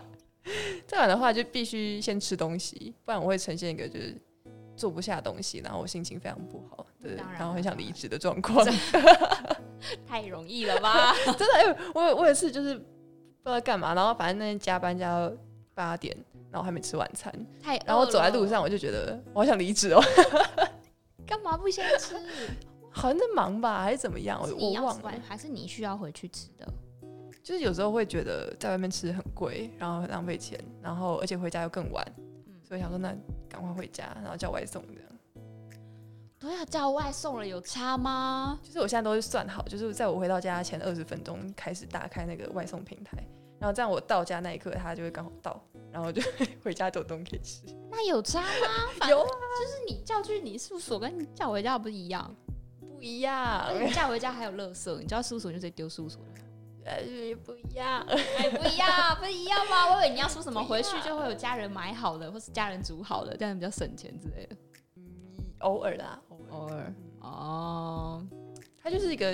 再晚的話就必須先吃東西，不然我會呈現一個就是坐不下東西，然後我心情非常不好，對，當然，然後很想離職的狀況。太容易了吧？ 真的，哎、欸，我我也是，就是不知道幹嘛，然後反正那天加班加到八點，然後我還沒吃晚餐、哦，然後走在路上，我就覺得我好想離職哦。幹 嘛不先吃？很忙吧，還是怎麼樣？我我忘了。還是你需要回去吃的？就是有時候會覺得在外面吃很貴，然後很浪費錢，然後而且回家又更晚，嗯、所以想說那趕快回家，然後叫外送這樣。都要、啊、叫外送了有差嗎？就是我現在都是算好，就是在我回到家前二十分鐘開始打開那個外送平台，然後這樣我到家那一刻他就會剛好到，然後就回家就有東西可以吃。 那有差嗎？ 有啊，就是你叫去你宿舍跟你叫回家不是一樣？不一樣，人、okay. 家，回家還有樂色，你家事務所就在丟事務所了、 哎。不一樣，不一樣，不一樣嗎？我以為你要說什麼，回去就會有家人買好的， 或是家人煮好的，這樣比較省錢之類的。嗯，偶爾啦，偶爾、嗯。哦，它就是一個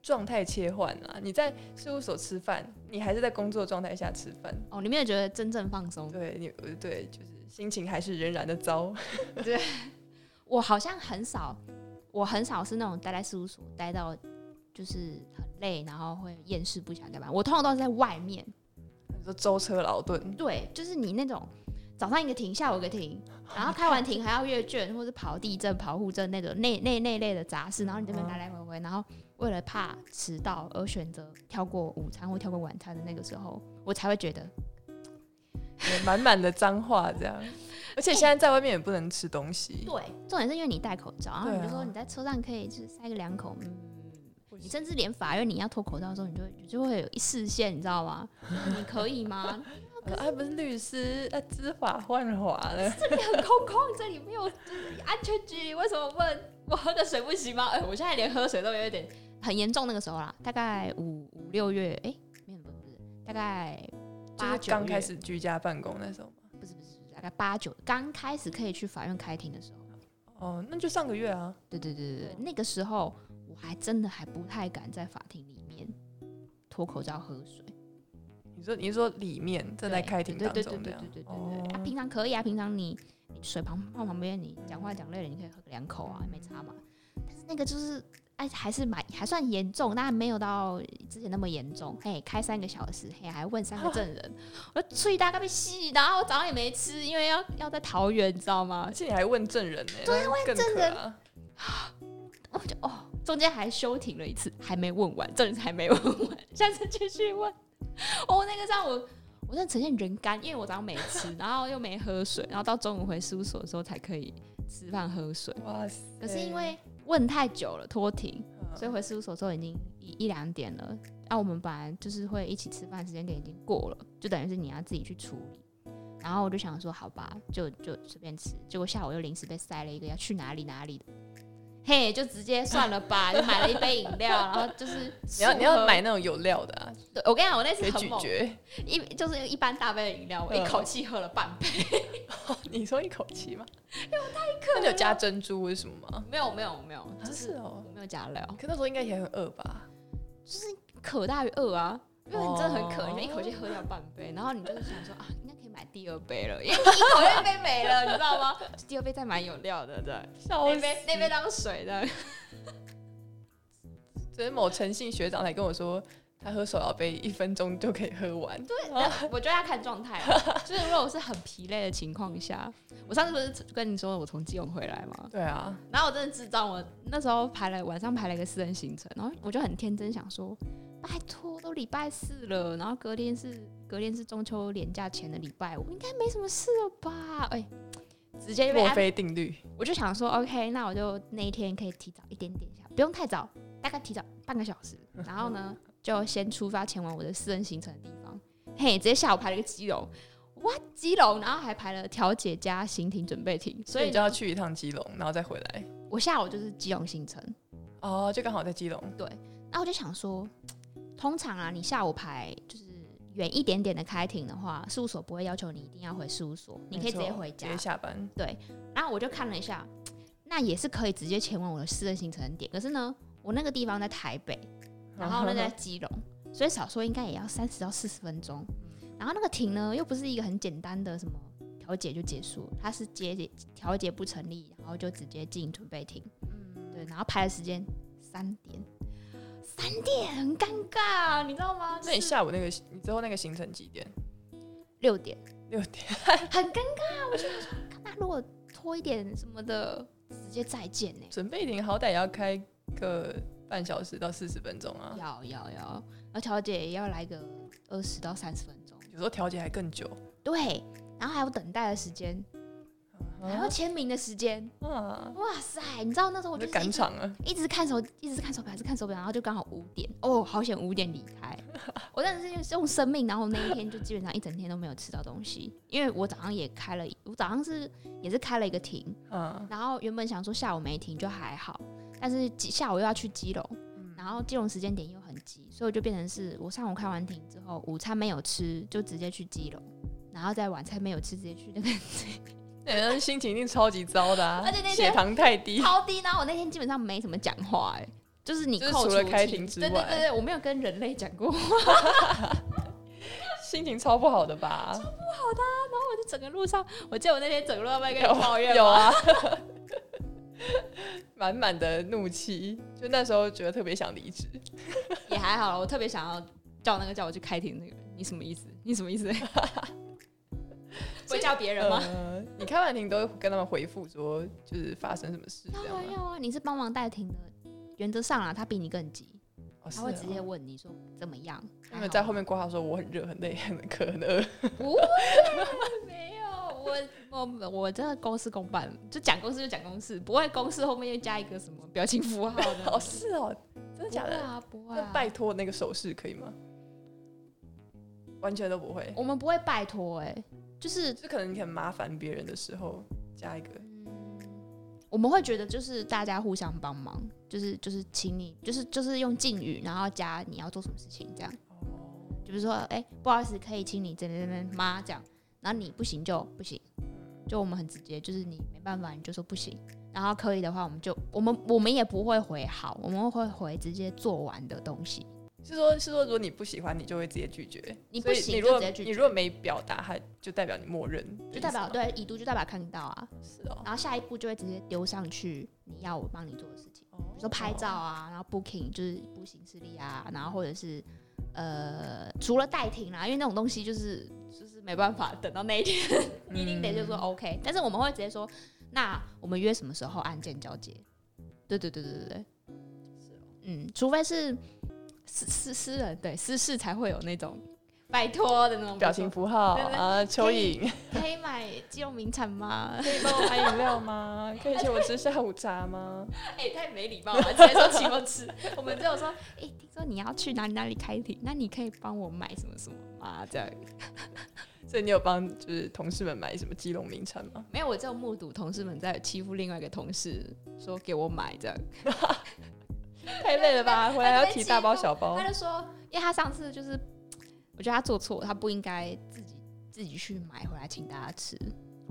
狀態切換啊。你在事務所吃飯，你還是在工作狀態下吃飯。哦，你沒有覺得真正放鬆？對你，對，就是心情還是仍然的糟。 對我好像很少。我很少是那種待在事務所待到就是很累，然後會厭世不想上班。我通常都是在外面，你說舟車勞頓。對，就是你那種早上一個庭，下午一個庭，然後開完庭還要閱卷或者跑地政、跑戶政那種那那那類的雜事，然後你這邊來來回回，嗯，然後為了怕遲到而選擇跳過午餐或跳過晚餐的那個時候，我才會覺得。滿 滿的髒話這樣，而且現在在外面也不能吃東西、欸。對，重點是因為你戴口罩，然後比如說你在車上可以就是塞個兩口，你甚至連法院你要脫口罩的時候，你就會就會有一視線，你知道嗎？你可以嗎？還不是律師，他知法犯法了。這裡很空曠，這裡沒有安全距離。為什麼問我喝的水不行嗎？哎，我現在連喝水都有點很嚴重，那個時候啦大概 5, 5,、欸，大概五六月，哎，沒有，不是，大概。八九剛開始居家辦公那時候嗎？不是不是，大概八九剛開始可以去法院開庭的時候。哦，那就上個月啊。對對對對對，那個時候我還真的還不太敢在法庭裡面脫口罩喝水。你說你是說裡面正在開庭當中？對對對對對對，對，對，對、哦、啊，平常可以啊，平常你，你水旁放旁邊，你講話講累了，你可以喝兩口啊，沒差嘛。但是那個就是。哎，還是蠻還算嚴重，但沒有到之前那麼嚴重。嘿，開三個小時，嘿，還問三個證人，啊、我嘴巴大概被吸到，然後早上也沒吃，因為要要在桃園，你知道嗎？而且還問證人呢、欸，對更，問證人。我就哦，中間還休庭了一次，還沒問完，證人還沒問完，下次繼續問。 哦，那個讓我，我正呈現人乾，因為我早上沒吃， 然後又沒喝水，然後到中午回事務所的時候才可以吃飯喝水。哇塞，可是因為。問太久了拖停，所以回事務所之後已經一一兩點了。那、啊、我們本來就是會一起吃飯，時間點已經過了，就等於是你要自己去處理。然後我就想說，好吧，就就隨便吃。結果下午又臨時被塞了一個要去哪裡哪裡的。嘿、hey，就直接算了吧， 就買了一杯飲料， 然後就是你要你要買那種有料的啊。對，我跟你講，我那次很猛，一就是一般大杯的飲料，我一口氣喝了半杯。 哦、你說一口氣嗎？有、欸、太那你有加珍珠為什麼嗎？沒有沒有沒有，沒有哦，是喔、就是哦，沒有加料。可那時候應該也很餓吧？就是渴大於餓啊、哦，因為你真的很渴，你、哦、一口氣喝掉半杯，然後你就是想說 啊。買第二杯了，因為第一口又杯沒了， 你知道嗎？第二杯再買有料的，對，對，那杯那杯當水的。對對 所以某誠信學長來跟我說，他喝手搖杯一分鐘就可以喝完。對，對我覺得要看狀態， 就是如果我是很疲累的情況下，我上次不是跟你說我從基隆回來嗎？對啊，然後我真的智障，我那時候排了晚上排了一個私人行程，然後我就很天真想說，拜託都禮拜四了，然後隔天是。昨天是中秋連假前的禮拜五，應該沒什麼事了吧？哎、欸，直接墨菲定律，我就想說，OK，那我就那一天可以提早一點點下，不用太早，大概提早半個小時，然後呢，呵呵就先出發前往我的私人行程的地方。嘿，直接下午排了個基隆，哇， 基隆，然後還排了調解加刑庭準備庭。所以就要去一趟基隆，然後再回來。我下午就是基隆行程，哦、oh，就剛好在基隆。對，那我就想說，通常啊，你下午排就是。遠一點點的開庭的話，事務所不會要求你一定要回事務所，你可以直接回家，直接下班。對，然後我就看了一下、嗯，那也是可以直接前往我的私人行程點。可是呢，我那個地方在台北，然後那個在基隆，嗯、所以少說應該也要三十到四十分鐘。然後那個庭呢，又不是一個很簡單的什麼調解就結束，它是接調解不成立，然後就直接進準備庭。嗯，對，然後排的時間三點。三點很尷尬，你知道嗎？那你下午那個你之後那個行程幾點？六點，六點 很尷尬，我覺得。那如果拖一點什麼的，直接再見呢、欸？準備一點，好歹也要開個半小時到四十分鐘啊。要要要，然後調解也要來個二十到三十分鐘，有時候調解還更久。對，然後還有等待的時間。還要簽名的時間、啊，哇塞！你知道那時候我就趕場了，一直看手，一直是看手表，還是看手表，然後就剛好五點哦，好險五點離開。 我真的是用生命，然後那一天就基本上一整天都沒有吃到東西，因為我早上也開了，我早上是也是開了一個庭，嗯、啊，然後原本想說下午沒停就還好，但是下午又要去基隆，然後基隆時間點又很急，所以我就變成是我上午開完庭之後，午餐沒有吃，就直接去基隆，然後在晚餐沒有吃，直接去那個。那個、心情一定超級糟的，啊， 而且那天血糖太低，超低呢。然後我那天基本上沒怎麼講話、欸，哎，就是你扣，就是，除了開庭之外，對對對，我沒有跟人類講過話， 心情超不好的吧？超不好的，啊。然後我就整個路上，我記得我那天整個路上被各種抱怨，有啊，滿 滿的怒氣，就那時候覺得特別想離職。 也還好，我特別想要叫那個叫我去開庭那個人，你什麼意思？你什麼意思？ 會叫別人嗎？呃、你開完庭都跟他們回復說，就是發生什麼事情沒 有要啊，你是幫忙代庭的，原則上啊，他比你更急，他、哦、會直接問你說怎麼樣。他們在後面掛他說我很熱、很累、很渴、很不會， 沒有我我我，我真的公事公辦，就講公事就講公事，不會公事後面又加一個什麼表情符號的。哦， 是哦，真的假的不會、啊，不啊、拜托那個手勢可以嗎？完全都不會。我們不會拜托哎、欸。就是這、就是、可能很麻煩別人的時候，加一個、嗯，我們會覺得就是大家互相幫忙，就是就是請你就是就是用敬語，然後加你要做什麼事情這樣，哦、就比如說哎、欸、不好意思，可以請你真的真的嗎這樣，然後你不行就不行，就我們很直接，就是你沒辦法你就說不行，然後可以的話我們就我們我們也不會回好，我們會回直接做完的東西。是說，是說，如果你不喜歡，你就會直接拒絕。你不喜，你如果沒表達，它就代表你默認，就代表對已讀，一度就代表看得到啊。是哦，然後下一步就會直接丟上去你要我幫你做的事情、哦，比如說拍照啊，然後 booking 就是步行事例啊，然後或者是呃，除了代停啊，因為那種東西就是就是沒辦法等到那一天，嗯、 你一定得就是說 OK。但是我們會直接說，那我們約什麼時候案件交接？對，對對對對對對，是哦，嗯，除非是。私私私人，對私事才會有那種拜託的那種表情符號啊，蚯蚓可，可以買基隆名產嗎？可以幫我買飲料嗎？ 可以請我吃下午茶嗎？哎、 欸，太沒禮貌了，直 接要說請我吃。 我們只有說，哎、欸，聽說你要去哪裡哪裡開庭，那你可以幫我買什麼什麼啊？這樣。 所以你有幫就是同事們買什麼基隆名產嗎？沒有，我就目睹同事們在欺負另外一個同事，說給我買這樣。 太累了吧，回來要提大包小包。他就說，因為他上次就是，我覺得他做錯了，他不應該自己自己去買回來請大家吃。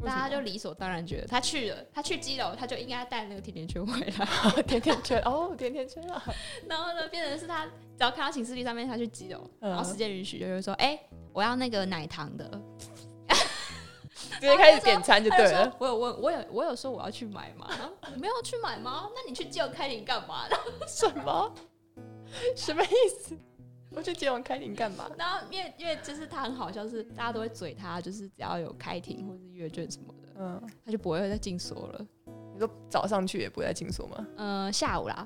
大家就理所當然覺得他去了，他去 G 樓，他就應該帶那個甜甜圈回來。 甜甜圈 哦，甜甜圈啊。然後呢，變成是他只要看到寢室 Line 上面，他去 G 樓、嗯，然後時間允許，就會、是、說，哎、欸，我要那個奶糖的。直接開始點餐就對了。我、啊、有問，我有我有,我有說我要去買嗎？ 沒有去買嗎？那你去接我開庭幹嘛呢？什麼？ 什麼意思？我去接我開庭幹嘛？然後因為因為就是他很好笑，是大家都會嘴他，就是只要有開庭或者是閱卷什麼的，嗯，他就不會再進鎖了。你說早上去也不會再進鎖嗎？嗯，下午啦。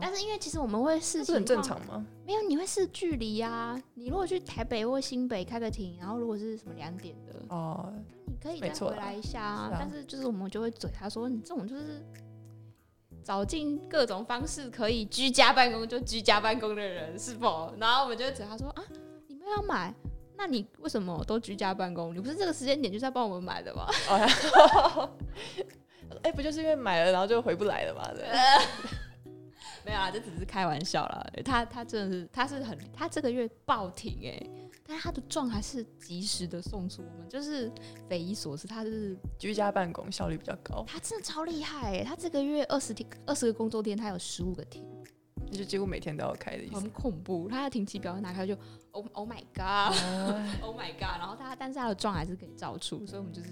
但是因為其實我們會試，不是很正常嗎？沒有，你會試距離啊。你如果去台北或新北開個庭，然後如果是什麼兩點的哦，你可以再回來一下啊。但是就是我們就會嘴他說，你這種就是找盡各種方式可以居家辦公就居家辦公的人是否？然後我們就會嘴他說啊，你們要買，那你為什麼都居家辦公？你不是這個時間點就是要幫我們買的嗎？哎，不就是因為買了然後就回不來了嗎？對。 沒有啊，這只是開玩笑啦。他他真的是，他是很他這個月爆停哎、欸，但是他的狀還是及時的送出我們，就是匪夷所思。他、就是居家辦公效率比較高，他真的超厲害、欸。他這個月二十天二十個工作天，他有十五個停，那就幾乎每天都要開的意思。很恐怖，他的停機表拿開就 oh oh my god oh my god，然後他但是他的狀還是可以照出，所以我們就是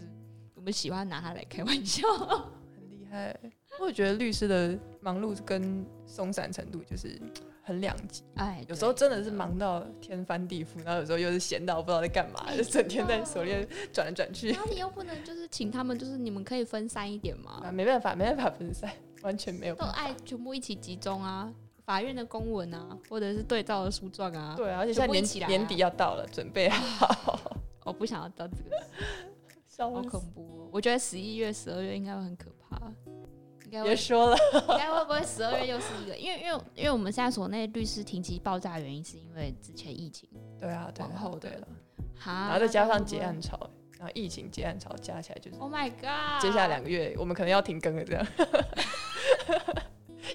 我們喜歡拿他來開玩笑，笑，很厲害。我覺得律師的忙碌跟鬆散程度就是很兩極，哎，有時候真的是忙到天翻地覆，然後有時候又是閒到不知道在幹嘛，就整天在手鏈轉來轉去、哎。那 你又不能就是請他們，就是你們可以分散一點嗎、啊？沒辦法，沒辦法分散，完全沒有辦法。都愛全部一起集中啊！法院的公文啊，或者是對照的書狀啊，對啊，而且現在年、啊、年底要到了，準備好，我不想要到這個，好恐怖、哦！我覺得十一月、十二月應該會很可怕。別說了，應該會不會十二月又是一個， 因為因為因為我們現在所內律師停機爆炸原因是因為之前疫情，對啊，對往後對了，對然後再加上結案潮， 然後疫情結案潮加起來就是，Oh my God！接下來兩個月我們可能要停更了，這樣。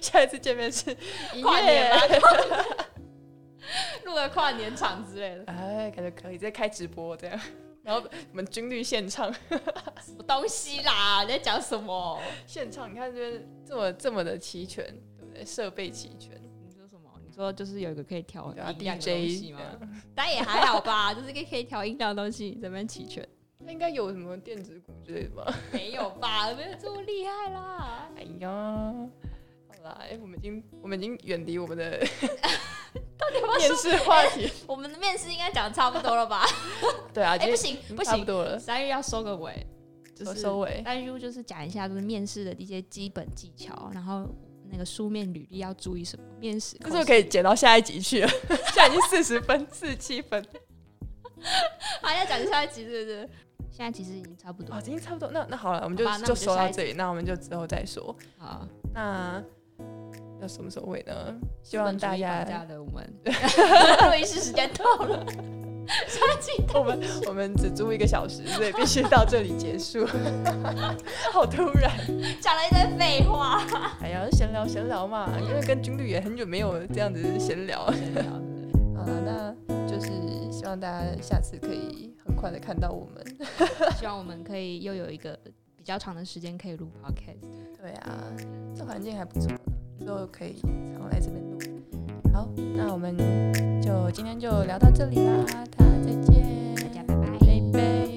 下一次見面是跨年吧，錄 了跨年場之類的， 哎，感覺可以再開直播這樣。 然後我們軍律現場，什麼東西啦？ 你在講什麼？現場？你看這邊這麼這麼的齊全，對不對？設備齊全。你說什麼？你說就是有一個可以調 DJ 的東西嗎 DJ？但也還好吧， 就是一個可以調音量的東西，怎麼樣齊全。那 應該有什麼電子鼓之類的吧？ 沒有吧？沒有這麼厲害啦。 哎呀，好啦、欸，我們已經我們已經遠離我們的。 有有面試話題，我們的面試應該講得差不多了吧？ 對啊，哎、欸、不行不行，差不多了。三月要收個尾，就收尾。三月就是講一下，就是面試的一些基本技巧，然後那個書面履歷要注意什麼。面試可是我可以剪到下一集去，了， 現在已經四十分四十七分，好，要 講、啊、下一集是不是？現在其實已經差不多了、哦，已經差不多。那那好了，我們就我們就說到這裡，那我們就之後再說。好、啊，那。嗯那什麼時候回呢？希望大家，家的我們，對，會議室時間到了，殺們，我們只租一個小時，所以必須到這裡結束。 好突然，講了一堆廢話。哎呀，閒聊閒聊嘛，因為跟軍旅也很久沒有這樣子閒聊。了、 嗯。那就是希望大家下次可以很快的看到我們。 希望我們可以又有一個比較長的時間可以錄 podcast。對啊，這環境還不錯。之後可以常來這邊錄。好，那我們就今天就聊到這裡啦，大家再見，大家拜拜。拜拜。